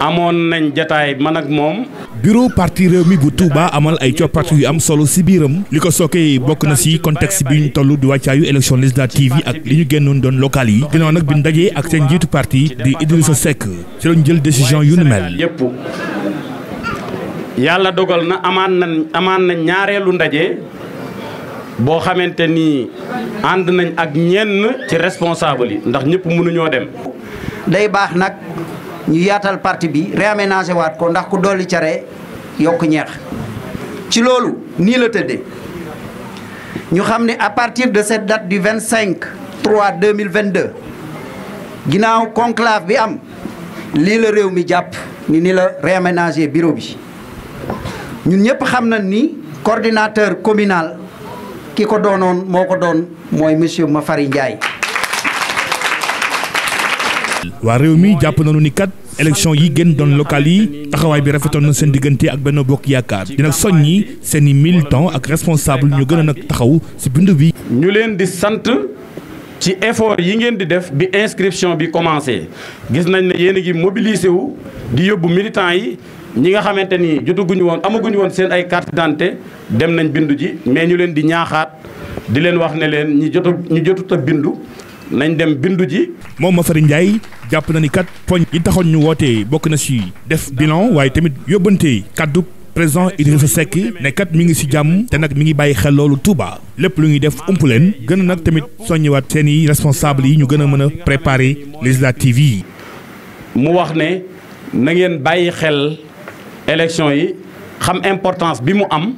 amoon nañ jataay man ak moom. bureau parti réew mi bu Touba amal ay coppat yu am solo si biiram. li ko sookee bokk na si contexte bi ñu toll di wàccaayu élection législative yi ak li ñu génnoon doon local yi. ginnaaw nag bi ñu dajee ak seen njiitu parti di Idrissa Seck ci lañ jël décision yu nu mel. yëpp yàlla dogal na amaan nañ amaan nañ ñaareelu ndaje boo xamante ni ànd nañ ak ñenn ci responsable yi ndax ñëpp mënuñoo dem. day baax nag. ñu yaatal parti bi réaménagé waat ko ndax ku dolli care yokk ñeex ci loolu nii la tëdde ñu xam ne à partir de cette date du 25 3 2022 ginnaaw conclave bi am lii la réew mi jàpp ni ni la réaménagé bureau bi ñun ñëpp xam na ni coordinateur communal ki ko doonoon moo ko doon mooy monsieur Mafari Ndiaye. waa réew mi jàpp nañu ni kat élection yi gën doon local yi taxawaay bi rafetoon na seen diggante ak benn bokk yaakaar dina soññi seen i militants ak responsable ñu gën nag taxaw si bindu bi. ñu leen di sant ci effort yi ngeen di def bi inscription bi commencé gis nañ ne yéen a ngi wu di yóbbu militants yi. ñi nga xamante ni jotaguñu woon amaguñu woon seen ay carte d'identité dem nañ bindu ji mais ñu leen di ñaaxaat di leen wax ne leen ñi jotu ñi jotut a bindu nañ dem bindu ji. moom Mafary Ndiaye jàpp na ni kat poñ yi taxoon ñu wootee bokk na si def bilan waaye tamit yóbbante kaddu président Idrissa Seck ne kat mi ngi si jàmm te nag mi ngi bàyyi xel loolu Touba lépp lu ngi def ump leen gën a nag tamit soññiwaat seen i responsable yi ñu gën a mën a préparer législative yi. mu wax ne na ngeen bàyyi xel élection yi xam importance bi mu am.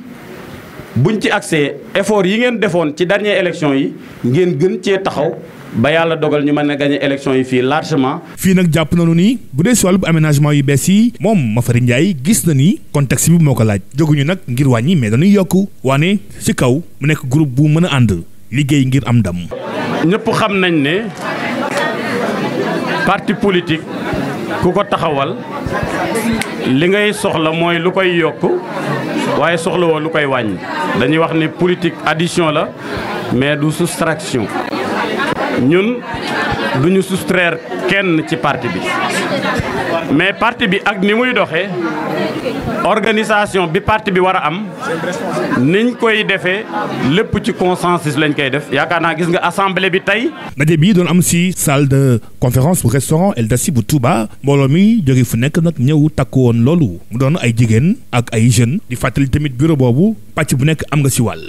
buñ ci accès effort yi ngeen defoon ci dernière élection yi ngeen gën cee taxaw ba yàlla dogal ñu mën a gagné élection yi fii largement. fii nag jàpp nañu ni bu dee si wàllu aménagement yu bees yi moom Mafari Ndiaye gis na ni kontext bi moo ko laaj jóguñu nag ngir wàññi mais dañuy yokk waane si kaw mu nekk groupe bu mën a ànd liggéey ngir am ndam. ñëpp xam nañ ne parti politique ku ko taxawal li ngay soxla mooy lu koy yokk waaye soxla woo lu koy wàññi dañuy wax ne politique addition la mais du soustraction. ñun du ñu soustraire kenn ci parti bi mais parti bi ak ni muy doxee organisation bi parti bi war a am niñ koy defee lépp ci consensus lañ koy def yaakaar naa gis nga assemblée bi tey. ndaje bi doon am si salle de conférence bu restaurant Eldassi bu Touba mbooloo mi jóge fu nekk nag ñëw takku woon loolu mu doon ay jigéen ak ay jeunes di fàttali tamit bureau boobu pàcc bu nekk am nga si wàll.